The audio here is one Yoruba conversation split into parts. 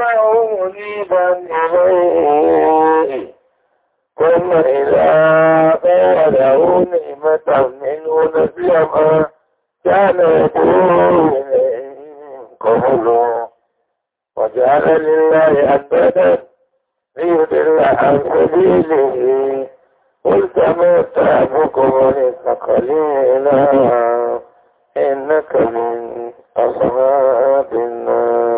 أتبعه مجيبا إليه ثم إذا قوله نعمة منه نسي ما كان يدعو من قبل وجعل لله أندادا ليضل عن سبيله قل كما تعبكم لثقلينا إنك من أصحاب النار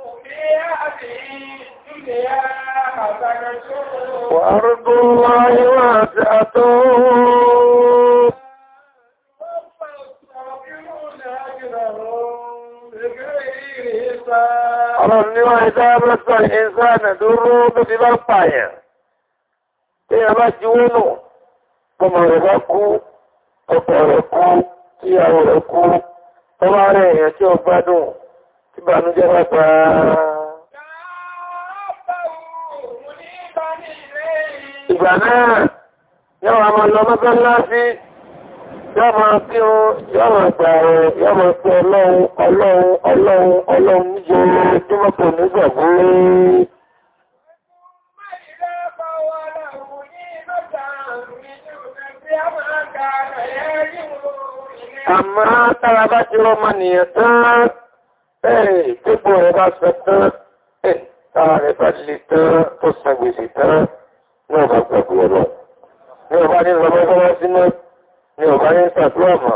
وأرض الله واسعة Ọlọ́run ní wọ́n ìdá mẹ́sọ̀ ìsáànà dúró tó ti bá pààyàn. Tí a bá ti nù, ọmọ rẹ̀ bá kú, ọkọ rẹ̀ kú, tí àwọn rẹ̀ kú, ọmọ rẹ̀ èèyàn tí ó gbádùn, tí bànújẹ́ bá pàá. ìgbà náà yọ́ wà máa lọ mọ́tọ́ láti yọ́ máa kí o yọ́ máa gbà ọlọ́run ọlọ́run ọlọ́run ọlọ́run jẹ́ tí wọ́n pè ní gbàgbó Àmá bá ti rọ mọ́nìyàn tán, ẹ̀rẹ̀ pípò rẹ̀ bá sọ tán, ẹ̀ tára bá lè tán tó sàgbèsè tán wọ́n bá pẹ̀lú ọ̀rọ̀. Ní ọba ní lọ́mọ́sọ́wọ́ sínú, ní ọba ní sàtúwàmà,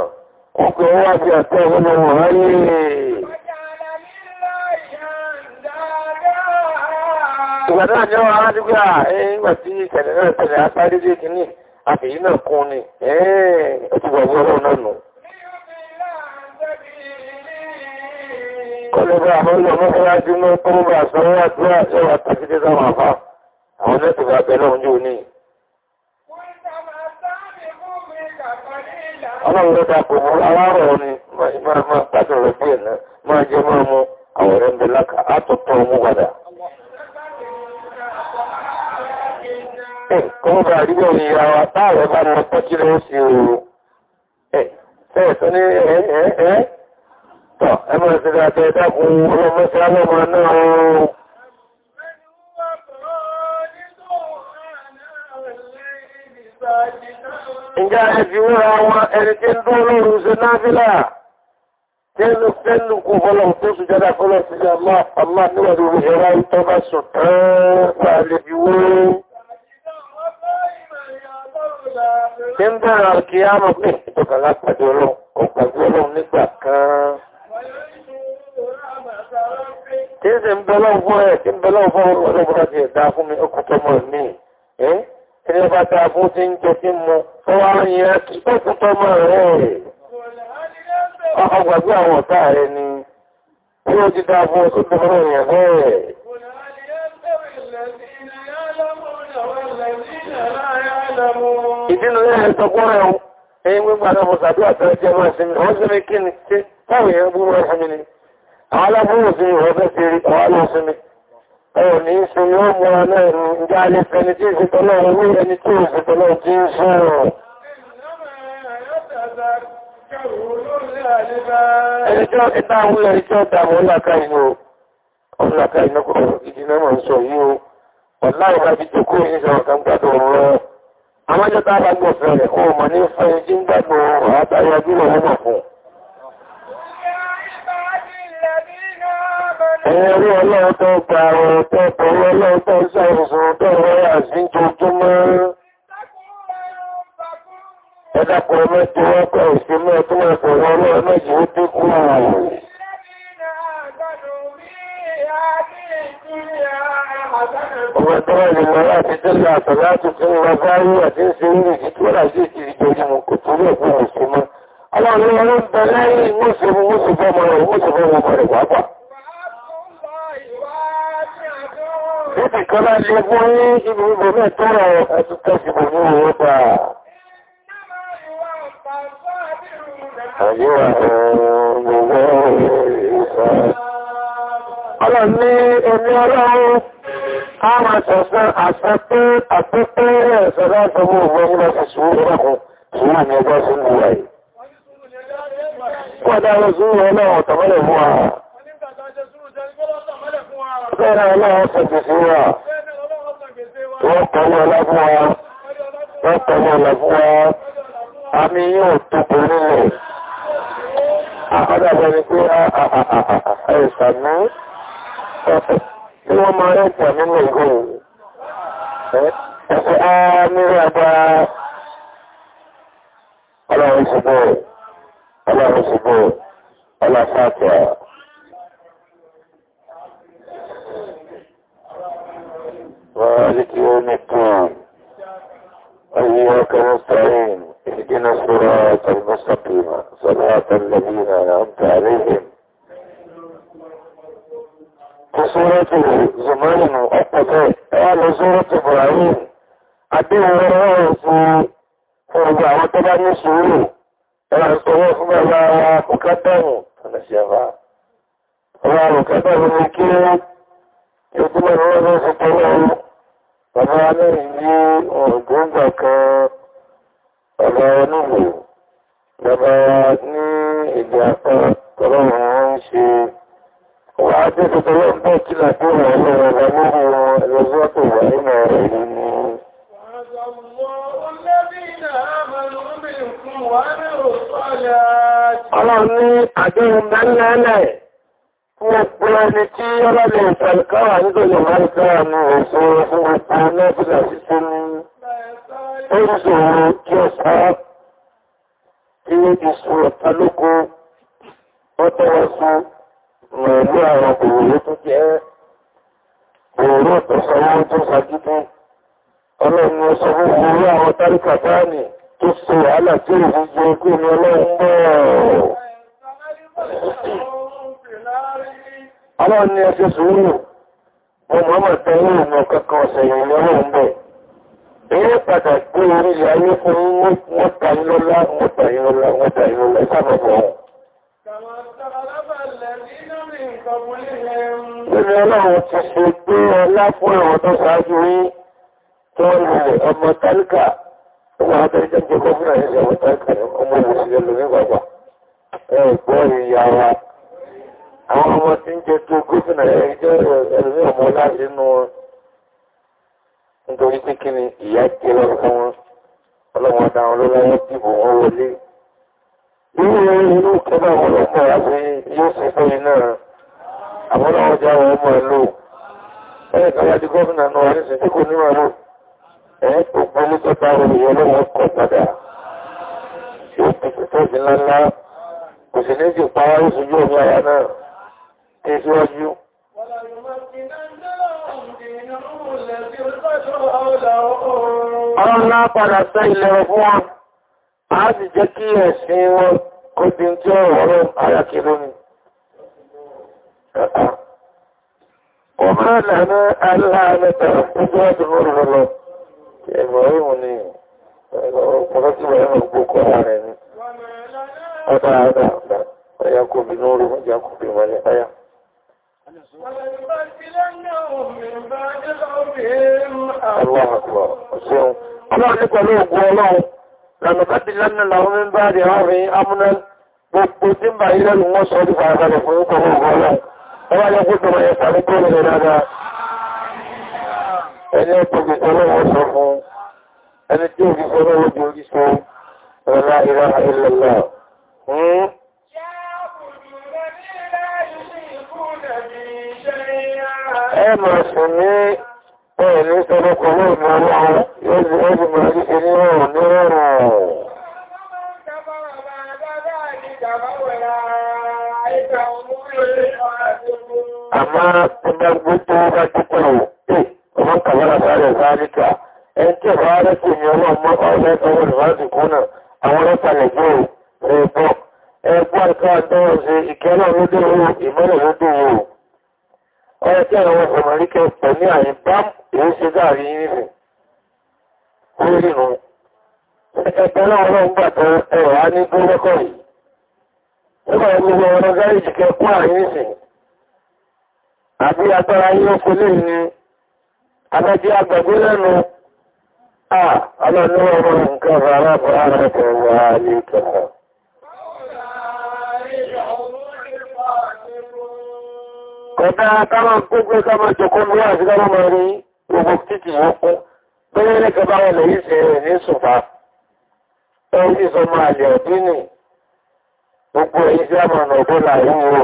ọkọ̀ wá bí àtẹ́ ọmọ wọn ráyé. Ìgbàdá ni ọwọ́ arájúgbà ẹgbà tí ìṣẹ̀lẹ̀ náà tẹ̀lẹ̀ asáré dé kìíní, àfèyí náà kún ni, ẹ̀ẹ́ ọ̀tùgbà ọgbọ́rọ̀ náà nù. Kọ́lẹ̀bà àwọn ọmọ ọmọ ọmọ ọmọ ọmọ ọmọ ọmọ ọmọ ọmọ ọmọ àwọn náà tó bá bẹ lọ́wọ́ ní òní. ọlọ́run ló dàpọ̀ mọ́ aláwọ̀ ni máa máa pàtàkì rẹ̀ bí ẹ̀nà máa jẹ máa mú àwọn rẹ̀ ń bẹ láka átọ̀tọ̀ mú padà. kọ́mọ́ bá àdúgbò ní ìyá wa táàrẹ̀ bá mọ pọ́tí lọ́wọ́ sí ooru. ẹ̀ tó ní ẹ̀ẹ́ tọ̀ ẹ Ǹjẹ́ ẹ fi wúra wọn ẹni tí ń dúró lóòrùn sí náàfílà tẹ́lù tẹ́lù kò fọ́lọ̀ tó sì jẹ́dá fọ́lọ̀ sí àmá àmá níwàdí orí ẹ̀rá ìtọ́ bá sọ tẹ́ẹ̀kọ́ àlejì wúrú. Tí ń bẹ̀rẹ̀ àkí àmọ̀ pé ìtọ̀kàlá pàdé ọlọ́run nígbà kan. ẹ̀bàtà fún ń jẹ sí mọ́ ọwá yẹn kí pẹ́kútọ́ mọ́ rẹ̀ ọgbàgbé àwọn ọ̀tá ni tí ó ti fún oṣù tó mọ́ bẹ́ẹ̀ rẹ̀ ẹ̀yìn ni ǹjẹ́ alẹ́ fẹni tí ìsìtọ́lọ́ orí ẹni tí ìsìtọ́lọ́ tí ń ṣe rọ̀. Ẹni tí ó ti dáwọ́ ẹni tí ó dáwọ́ sọ o. a Ẹ̀rí ọlọ́run tó gba ọ̀rọ̀ tó pẹ̀lú ọlọ́run tó ṣàìsùn tó rọ́yà sí jojúmọ́. Ẹ̀dàpọ̀ mẹ́tí wọ́n pẹ̀ ìsinmi ọdún ẹ̀fọ̀rọ̀ ọlọ́run méjì ó dínkù ààrùn. Ọmọ tó wà nìmọ̀ láti tẹ́lẹ̀ àtọ̀lá tuntun wọ báyé àti ń ṣe orí ìjì tó rà sí ti ìjọjúmọ̀ kò tó rẹ̀ fún ìsinmi. Ọlọ́run ló ń bẹ lẹ́yìn mọ́sùn mọ́sùn fọ́mọ rẹ̀ mọ́sùn fọ́mọ rẹ̀ pàápàá. ibi kan bá lè fún ní ibi ìbò mẹ́ tó rọ ẹ̀tùtẹ́sì ní owó pa. Àyíwà gbogbo ìsọ́. Ọlọ́run ní ẹni ọlọ́run, a máa sọ̀sán àṣẹ́pẹ́ àpẹ́pẹ́ rẹ̀ sọ́lá ọmọ ògbọ́n Bẹ́ẹ̀rẹ̀ ọlọ́run sọ gbèsè wà. Wọ́n kọ̀lọ́ ọlọ́fún wa. Wọ́n kọ̀lọ́ ọlọ́fún wa. A mi yóò tókò nílẹ̀. Àkọ́dàbọ̀ ni pé ẹ̀sànú. Tí wọ́n máa rẹ̀ pọ̀ nínú ìgbòhùn. Ẹ̀sẹ̀ á nílẹ̀ agbára. مالك يوم الدين اياك نستعين اهدنا الصراط المستقيم صراط الذين انعمت عليهم في سورة زمان مؤقتة قال سورة ابراهيم عدي وراه فرجع وطبع نسوه راح صوفنا لا انا شافا لا مقدم من كيلو يقول الله Bàbá alẹ́yìn ní ọ̀gbọ́ngbà kan bàbá onúgbò, bàbá ní èdè àpá tọ́lọ́wọ̀n wọ́n ń ṣe. Wà á jẹ́ kí làgbó Ọlọ́run ní àjọ́ ìgbà Gbogbo ẹni tí ọlọ́lẹ̀ ìtàlùkáwà nígbòlò àríkáwà ní ọ̀sọ̀ fún ọ̀pọ̀ mẹ́bùlà síse ní oríṣòro kí ọ̀sá tí ó ti sọ ọ̀tá lókó ọ̀tọ́wọ́sán pẹ̀lú àwọn òwúrò tó jẹ́ òwúrò ọ̀tọ̀sọ́wọ́ tó sàgídí ọlọ́run ọ̀sọ̀ fún òwúrò àwọn táríkà báyìí tó sọ wàhálà tí òwúrò Ọlọ́run ni ẹṣẹ́ sùúrù, ọmọ ọmọ tẹ́lẹ̀ ìmọ̀ kankan ọ̀sẹ̀ ìrìnlọ́wọ́ ń bẹ̀. Eré pàtàkì pé orí ilẹ̀ ayé fún mọ́ta ìlọ́lá, mọ́ta ìlọ́lá, mọ́ta ìlọ́lá, ìsábàbọ̀ ọ̀hún. Lẹ́ni ọlọ́run ti ṣe pé ọlá fún àwọn tó ṣáájú rí tó rẹ̀ ọmọ tálíkà, ọmọ àtẹ́jẹ́ jẹ́ gọ́ọ̀fún àyẹ̀lẹ̀ ọmọ tálíkà ọmọ ìwòsílẹ̀ lórí gbàgbà. Ẹgbọ́ ìyàwó àwọn ọmọ tí ń jẹ tó gómìnà ẹjọ́ ẹ̀rọ ọmọ láti nú wọn nítorí pé kí ni ìyá jẹ lọ́pọ̀ wọn ọlọ́wọ́n dá wọn lọ́wọ́ dìbò wọn wọlé irú irú kọ́bà wọn lọ́pọ̀ àti yóò sì fún iná àwọn ọlọ́wọ́n já wọn mọ̀ lò ẹ̀yẹ kan wá di gómìnà náà ní sí kò ní màlúù ẹ̀yẹ tó gbọ́n ní sọ́ta olùyẹ lọ́wọ́ kọ̀ padà yóò fi tẹ́sí ńláńlá kò sì ní sí pa oṣù yóò ní ara náà Tẹ̀síwájú. Ọlọ́run náà padà sẹ́ ilẹ̀ fún a sì jẹ́ kí ẹ̀sìn wọn kó di tí ó rọrọ àyàkìrò ni. Ọmọ lẹ́nu aláàrẹ́ta ọjọ́ ọdún rọrọ ẹ̀rọ ni ọ̀pọ̀lọpọ̀ wọ́n ẹ̀rọ gbókọ̀ rẹ̀ ni. Ọdá Gbogbo tí ń bá ilẹ̀ lù wọ́n sọ́dí fàákalẹ̀ fún ìkọ̀wọ̀ ọ̀gọ́lọ́. Ọwá yẹ gbogbo ọmọ ẹ̀ta ní kó lè dáadáa. Ẹni ọ̀tọ̀gbì ọlọ́wọ́ sọ fún ẹni tí ó fi sọ lọ́wọ́ bí orí sọ ọ̀rọ̀ ìrọ̀ ẹ̀mọ̀ sùn ní ẹ̀ẹ̀lú sọ́lọ́kọ̀ lóòmọ̀ ọlọ́run yóò jẹ́ ẹ̀bùn mọ̀ ní ẹni ọ̀rọ̀ ní ọ̀rọ̀ Àmá ọmọ tó bá dúkọ̀ ọmọ kàbára sáré sáàríkà, ẹn tí ọ̀rọ̀ arẹ́kù ni ọlọ́mọ ọ̀rẹ́ ọwọ́ ìwádìí kún náà, àwọn ọlọ́pàá lè gbọ́ ẹ̀bọ́. Ẹgbọ́ ẹ̀kọ́ àtọ́wọ́ sí ìkẹ́lọ́ lódé owó, ìmọ́lẹ̀ lódé owó. ọjọ́ ìwọ̀n ọmọríkẹ́ pẹ̀ ní àyíká èyí ṣe dáàrí nínú orínú ẹgbẹ́ náà wọ́n gbà tọ ẹ̀wà ní gbọ́lọ́kọ̀ yìí nígbà gbogbo ọ̀rọ̀ gáríjì kẹkọ́ àyíṣìn àbí agbára yóò kó lè ọmọ kọ̀tá káma gbogbo káma jọkọ́ mú wá sí káma máa rí gbogbo títì yọkú bẹ́rẹ̀ ní kọba wọn lèyí ṣe rẹ̀ ní ṣùfà ẹ̀rí sọ máa lè ọ̀dí nì gbogbo èyí sí àmànà ọ̀dọ́ láàrin o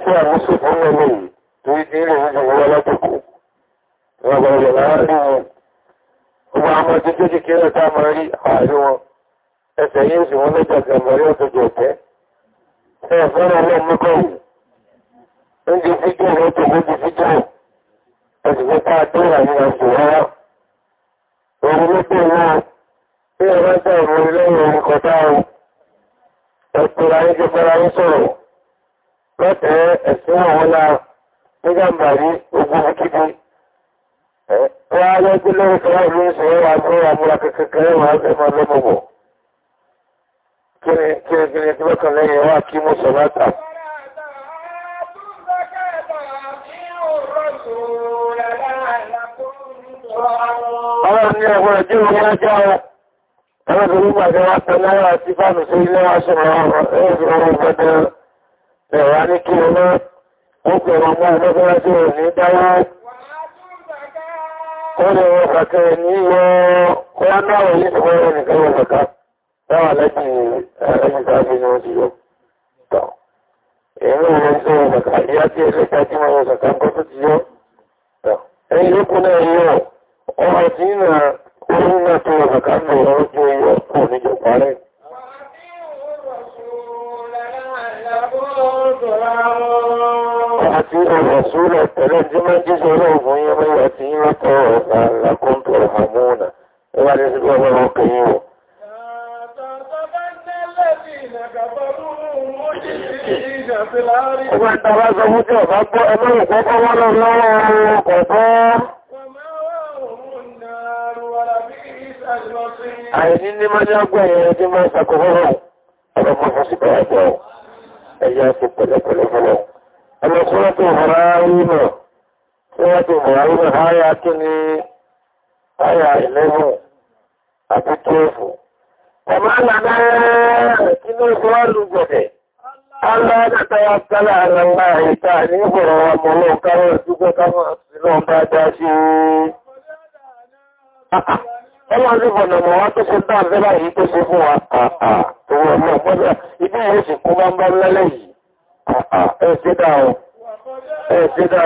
sí àmúṣù fún mẹ́lẹ̀ yìí torí tí ilé ìwé ìwé ọlọ́pùpù ọgbà ọ̀dọ̀ láàrin wọn ọmọ àmọ́ jíjẹ́ kékeré tá máa rí àárín wọn ẹsẹ̀ yìí sì wọ́n lẹ́jà gàmọ̀rí oúnjẹ fíjọ́ rẹ̀ tó gbójú fíjọ́ ẹ̀sìnkú pa àtọ́rà ní ọjọ́ rárá ọ̀rọ̀ lọ́pọ̀ náà tí ẹ̀rọ jẹ́ ìròyìn lẹ́yìn orin kọjá o ẹ̀tọ́ra ní jẹ́ fẹ́ra ń sọ̀rọ̀ lọ́tẹ̀ ẹ̀sìn àwọn náà nígbàmbà rí ogun kíkí wọ́n á lọ́gbé lọ́rùn kọjá ìlú ìṣòro wà ní àmúra kékeré wà á fẹ́ lọ́mọ̀bọ̀ kí ni kí ni kí ni tí wọ́n kàn lẹ́yìn wá kí mo sọ látàkì Ọlọ́run ní ẹ̀wọ̀n ẹ̀jẹ́ orí ajá ọ. Ẹ̀wọ̀n tó nígbà jẹ́ wá pẹ̀ náírà sí fánù sí ilé wá ṣọ̀rọ̀ ọ̀rọ̀ ọ̀gbẹ̀dẹ̀ ẹ̀wà ní kí ọmọ ó pẹ̀rọ mọ́ ọmọdé tí ó ní dáwọ́. Ó lè wọ kàkẹ́ ní yọ ọ̀rọ̀ náà yìí tó wọ́n nìkan wọ kàkà. Dáwà lẹ́kìn ẹ̀rẹ́mì tàbí ni wọ́n ti yọ. Ẹ̀rọ ìrìn tó wọ kàkà, ìyá tí ẹ̀lẹ́ta tí wọ́n wọ kàkà ń kọ́ tó ti yọ. Ẹ̀yìn lókun náà yọ ọmọ ìdínà orí náà tó wà kàkàkọ̀ ọjọ́ ìyọ́kù níjọba rẹ̀. Àti ọ̀rọ̀ súnlẹ̀ tẹ̀lé tí máa jíṣẹ́ ọlọ́ọ̀gùn gbọ́ ẹgbẹ́ ìkọ́kọ́ wọ́n lọ́wọ́ ọkọ̀ àìní ní mọ́já gbẹ̀yẹ ẹjẹ́ máa ṣàkọ̀ọ́rọ̀ ọlọ́mọ fọ́síkọ̀ àjọ pẹ̀lẹ̀pẹ̀lẹ̀ ọmọ alàmẹ́ kí ya kala Allah ya ta ni fura wa mulu kawai su ko kama su ba da shi. Ọlọ́run ló bọ̀nà mọ̀ wá tó ṣe bá ń bẹ́bà yìí tó ṣe fún wa. Tó wọ́n mọ̀ pọ́lá ibi yóò sì kó bá ń bá lẹ́lẹ́ yìí. Ẹ ṣe dá o. Ẹ ṣe dá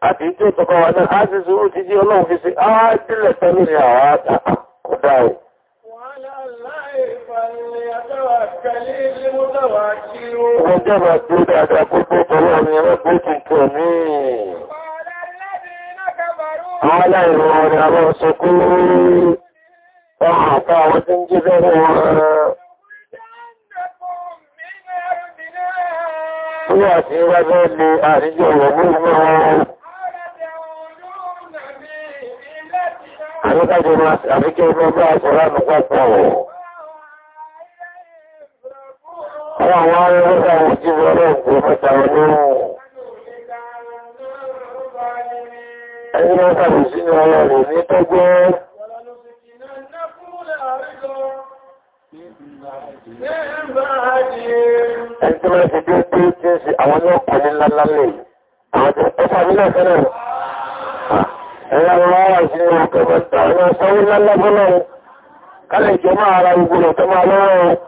A ti tó tọ́kọ títí Ọlọ́run fi sí, á dìlẹ̀ tẹ́lú ni àwọn àtàkùn dáa. Ọjọ́ bá tí ó dáadáa púpọ̀ pẹ̀lú àmì ẹlẹ́gbẹ́ ti kẹ̀ ní. Àwọn aláìrọ̀ ọ̀rẹ́ àwọn ọ̀sọ̀kú ọmọ àpá àwọn tí ń jí lẹ́rẹ̀ wọn. Ó wà sí wájẹ́ lè àríjọ ọ̀rọ̀ mú àwọn àwọn arẹ́lẹ́ta ojú ọ̀rọ̀ ògbò mẹ́ta olóòrùn ẹni wọ́n tàbí sínú ọ̀rọ̀ rẹ̀ ní tọ́gbọ́ Ẹgbẹ́ mẹ́sì tí ó tí ó tí ó sí àwọn ní ọkọ̀ ní lálálẹ̀. Àwọn tí ó sàbí náà fẹ́rẹ̀. Ẹ̀yà wọ́n wá sí ọkọ̀ mẹ́ta, ẹ̀yà sọ́wọ́ lálálẹ́ Kálẹ̀ ìjọ máa ara gbogbo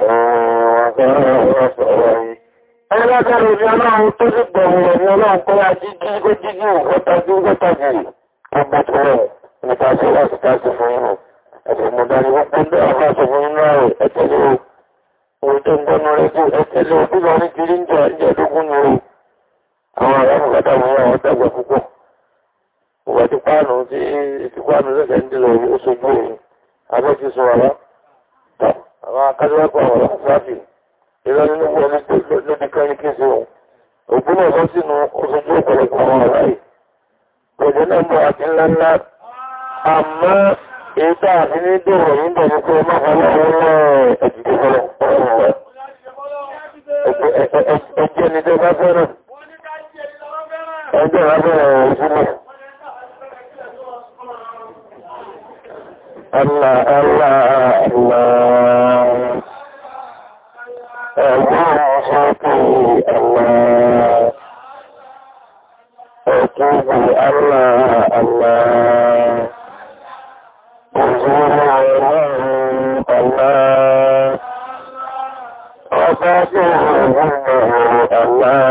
Ọlọ́gbẹ̀rẹ̀ ni ọlọ́run tó ọrụ gbọ̀rọ̀ ni ọlọ́run kọ́ ya jíjí gójíjí ọ̀tàjú gójíjí ọgbàtọ̀rọ̀ ìtàṣíwà sí tàṣí fún inú. Ẹ̀sẹ̀ mọ̀dárí wọ́n pẹ́ bẹ́ ọ̀fà sọ fún inú rẹ̀ alábà ọ̀rọ̀ sáàbì ìrọ̀lẹ́ ní wọ́n lóbi káníkíṣẹ́ ohun ògbúnà ọ̀sán sínú oṣojú ọ̀pọ̀lọpọ̀ àwọn ará yìí pẹ̀lú náà mọ́ àti ńláńlá àmọ́ èyí tá àti ní dòrò yìí bọ̀ ní pé ọmọ àwọn ọmọ fẹ́ràn ẹjẹ́ bá Allah, Allah, Allah. Ẹgbọ́n sókè Allah. Ẹ̀tọ́gbù Allah, Allah. Òjúrò ọlọ́run Allah. Ọba tó rẹ̀ wọ́n Allah.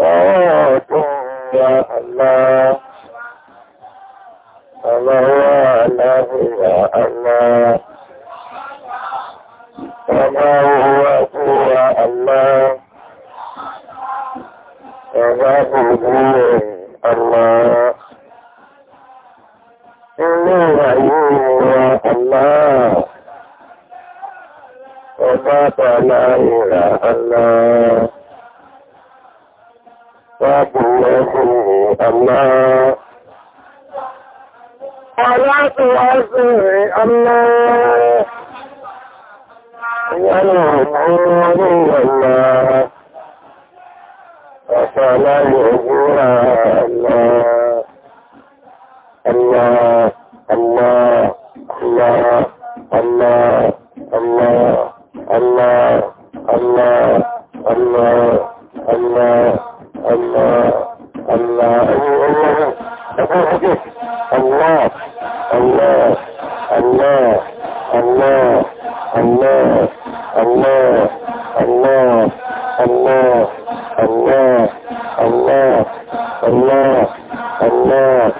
صلاة يا الله الله أعلم يا الله وما هو يا الله وما هو الله إني رأيه يا الله وما طلعه يا الله وقوته الله ولا تؤذني الله ولا تؤذني الله وفلا يؤذنها الله الله الله الله الله الله الله الله الله الله الله الله الله الله الله الله الله الله الله الله الله الله الله الله الله الله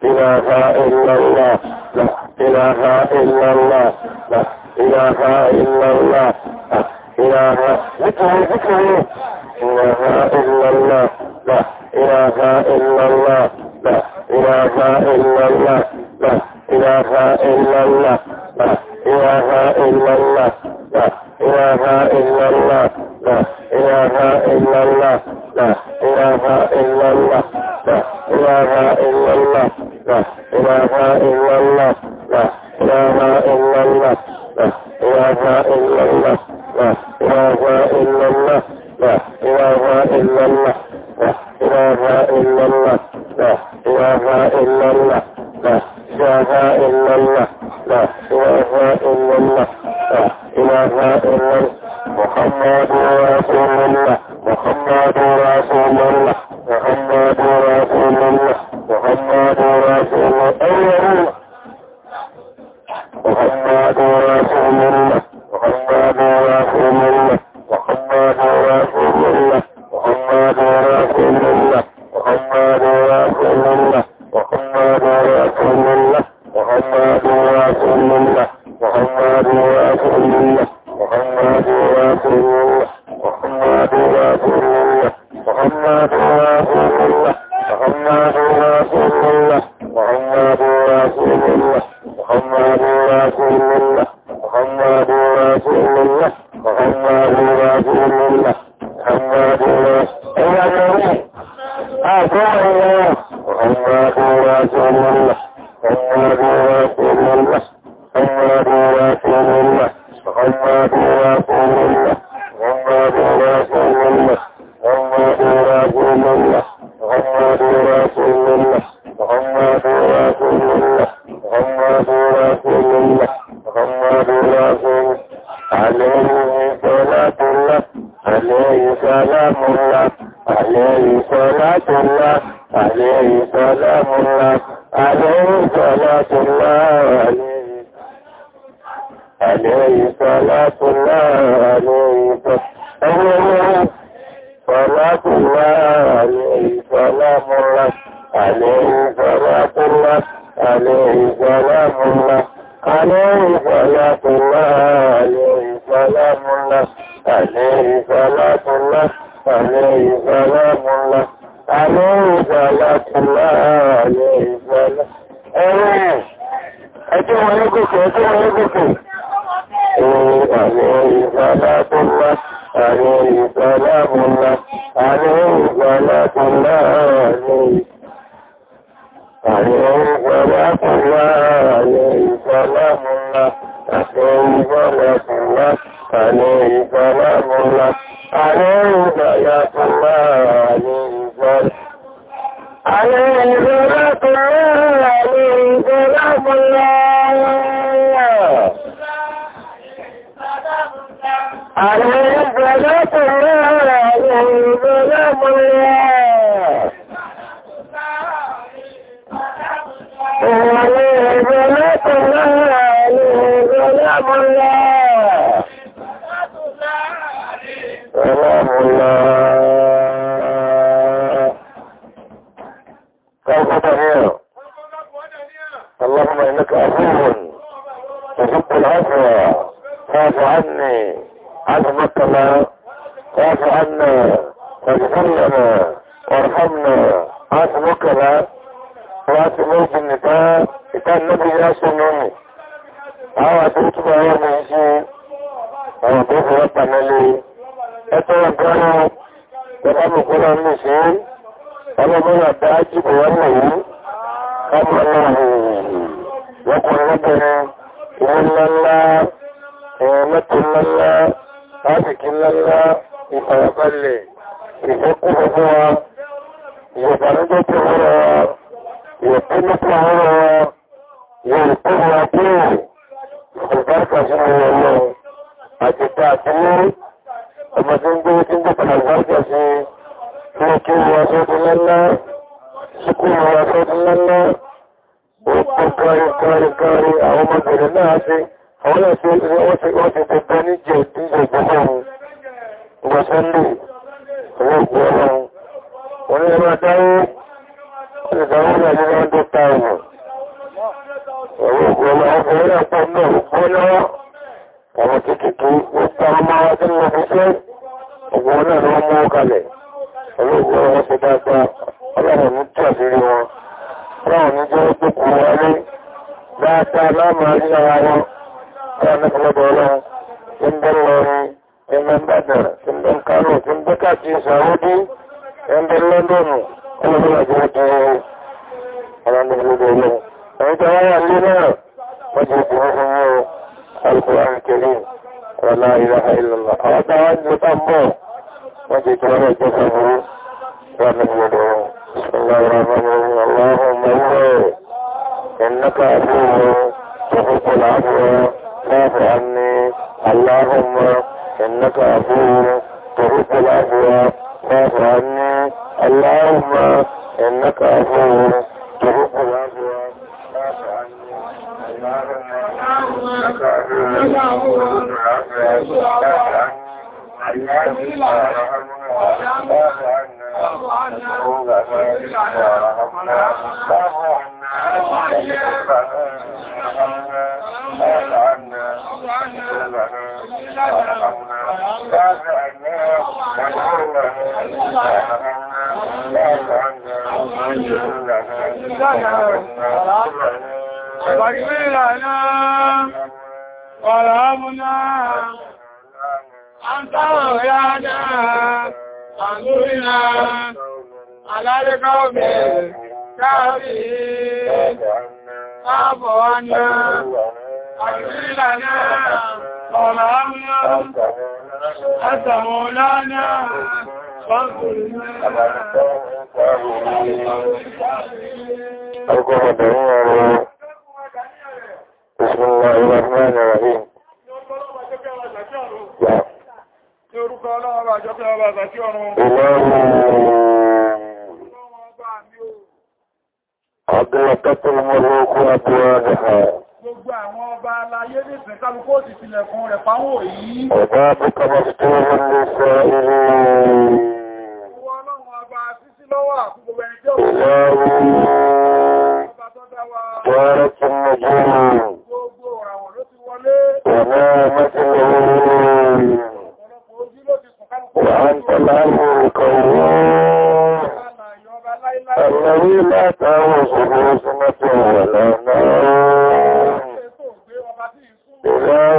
لا إله إلا الله لا إله إلا الله لا إله إلا الله لا إله إلا الله إله ذكر ذكر إله إلا الله لا إله إلا الله لا إله إلا الله لا إله إلا الله لا إله إلا الله لا إله إلا الله لا إله إلا الله لا إله إلا الله إله إلا الله لا إله إلا الله لا إله إلا الله لا إله إلا الله لا إله إلا الله لا إله إلا الله عليه صلاة الله عليه عليه الصلاة والسلام أو قطع اللهم إنك عفو kọ̀kọ̀rẹ̀ kọ̀rẹ̀kọ̀rẹ̀ àwọn ọmọbìnrin náà ṣe àwọn ẹ̀ṣẹ́ wọ́n ti tẹ́tẹ́ ní jẹ́ ìdíjẹ̀ ìgbọ́sọ̀run ìgbọ́sọ́lù owó ìgbọ́rọ̀un wọ́n ní ẹgbẹ́ dáwó ìgbàwọ́n àti ọdún táwọn owó ìgbọ́rọ̀ ọkùnrin àpọ̀ náà gbọ́nà àwọn kìkìkì ó pa ọmọ wa sínú ọfiṣẹ́ ọgbọ̀n náà ni wọ́n mú kalẹ̀ owó ìgbọ́rọ̀ wọn ṣe dáadáa ọlọ́run ní àṣírí wọn ọlọ́run ní jẹ́ òkúkú wọlé dáadáa láàmà rí ara wọn ọlọ́run nípọ̀lọpọ̀ ọlọ́run tí ń bẹ́ lọ́rin tí ń bẹ́ bàdàn tí ń bẹ́ kánò tí ń bẹ́ káàkiri sàrúdí tí ń bẹ́ lọ́dọ̀nù ọlọ́run àjọ ọjọ́ ọlọ́run اللهم الله إنك عفو تحب العفو فاعف عني اللهم إنك عفو تحب العفو فاعف عني اللهم إنك عفو تحب العفو فاعف عني اللهم إنك عفو تحب العفو فاعف عني اللهم إنك عفو تحب العفو فاعف عني Ọ̀rọ̀ ọmọ náà, àǹtàrọ̀ yáà náà. أنظرنا على القوم الكافرين أعف عنا أغفر لنا وارحمنا أنت مولانا بسم الله الرحمن الرحيم orúkọ ọlọ́wọ́ bá jọ pé ọba àtàkì ọ̀run. Gbogbo àwọn ọba aláyé nìsìn kálukú òsì tilẹ̀kùn rẹ̀ fáwọn òyí. Ọba Bukama tó wọ́n ló sọ irú. Owó ọlọ́run ọba títí lọ́wọ́ àkúgbò ẹni tí ó wọ́n. Ọba tó dáwà. Wọ́n tó mọ̀ jùlọ. Gbogbo ọ̀ràwọ̀ ló ti wọlé. Ọba mọ́ وأنت العلي القيوم الذي لا تعوزه سنة ولا نوم إذا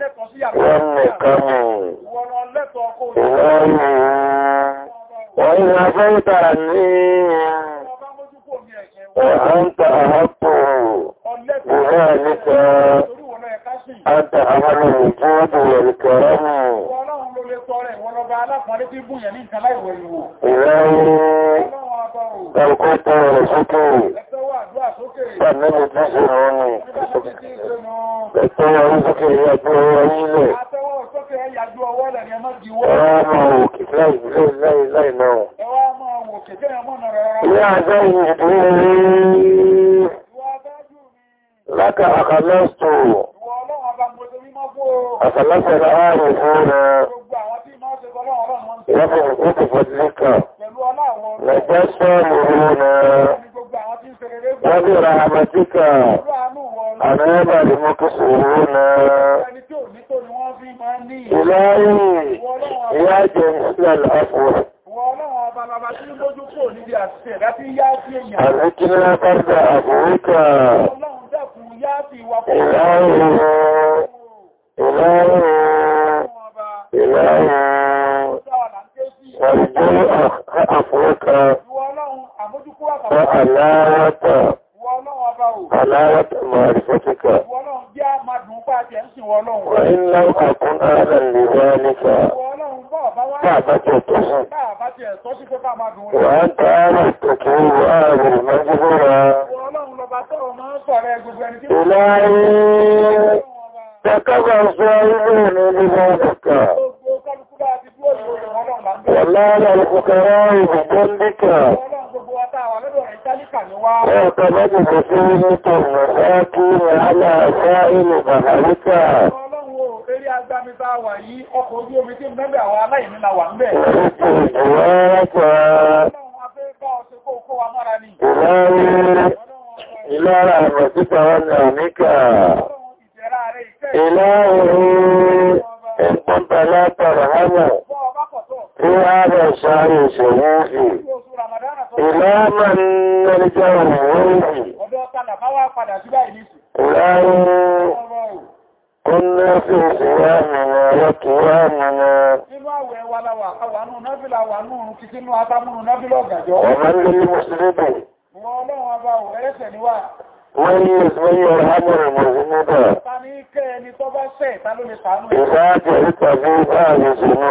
lẹ́tọ̀ọ́ sí yàrá wọ́n lẹ́tọ̀ọ́ kó wọ́n ni a fẹ́ ìta ní ọ̀hántà àhápò ìwọ̀n ẹ̀mẹ́ta àtàhàmàlù ìjọ́ ìjọ́ ìkẹrẹ́mù tọrẹ ìwọ lọ́ba rẹ̀ sókè. Ẹ̀tọ́ wà àdúrà ṣe àwọn ọmọ. Ẹ̀tọ́ wà sókè ní ẹgbẹ́ ọwọ́ nílẹ̀. Àtẹ́wọ́ sókè ẹ̀yàjú ọwọ́ lẹ̀ ni ẹ má di wọ́. Ẹ láì náà. Ẹ wá máa Àfàlásẹ̀lá ààrẹ fúnra lọ́pọ̀ òkúkù fọ́dílíkà. Lọ́pọ̀ sọ́ọ̀lù rúnà. Wọ́n àmàtíkà. Àrẹ́bà lè mọ́ kí sòrò rúnà. Ìláyé ìyá jẹ ìsìlẹ̀ àfúrà. Àríkí ní lápá ìwọ̀n ìwọ̀n àwọn aláìní la wà ń bẹ̀. àtàmúnù nábílọ̀ gàjọ́. Ọ̀rọ̀ ní Mùsùlùmí. Wọ́n ọlọ́run ọba ò ẹlẹ́sẹ̀ níwà. Wọ́n ní ìsìnlẹ̀ ọ̀rọ̀ hámọ̀rọ̀ mọ̀rún mọ́bà. Ta ní kẹ́ ẹni tó bá sẹ̀ ìtàlónìsàánú. Ìsáàjẹ̀ ìtàgbé bá àrùn ìṣòro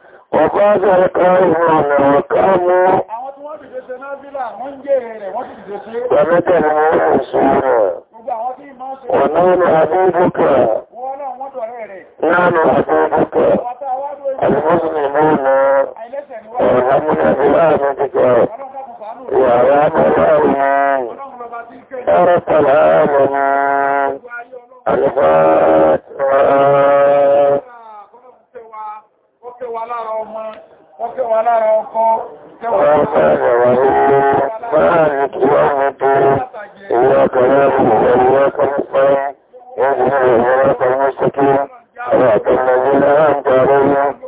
وفاز القوم وقاموا ومكر موسورا ونحن حبيبك نحن حبيبك المسلمون ارحمنا بآمتك يا رب العالمين يا رب العالمين الفاتحة wà lára ọmọ wọ́n fẹ́ wà lára ọkọ wọ́n fẹ́ wà lára ọkọ máa ní kí wọ́n mú tó owó akọ̀lẹ́kùn owó akọ̀lẹ́kùn wọ́n fún ọ̀rọ̀ akọ̀lẹ́kùn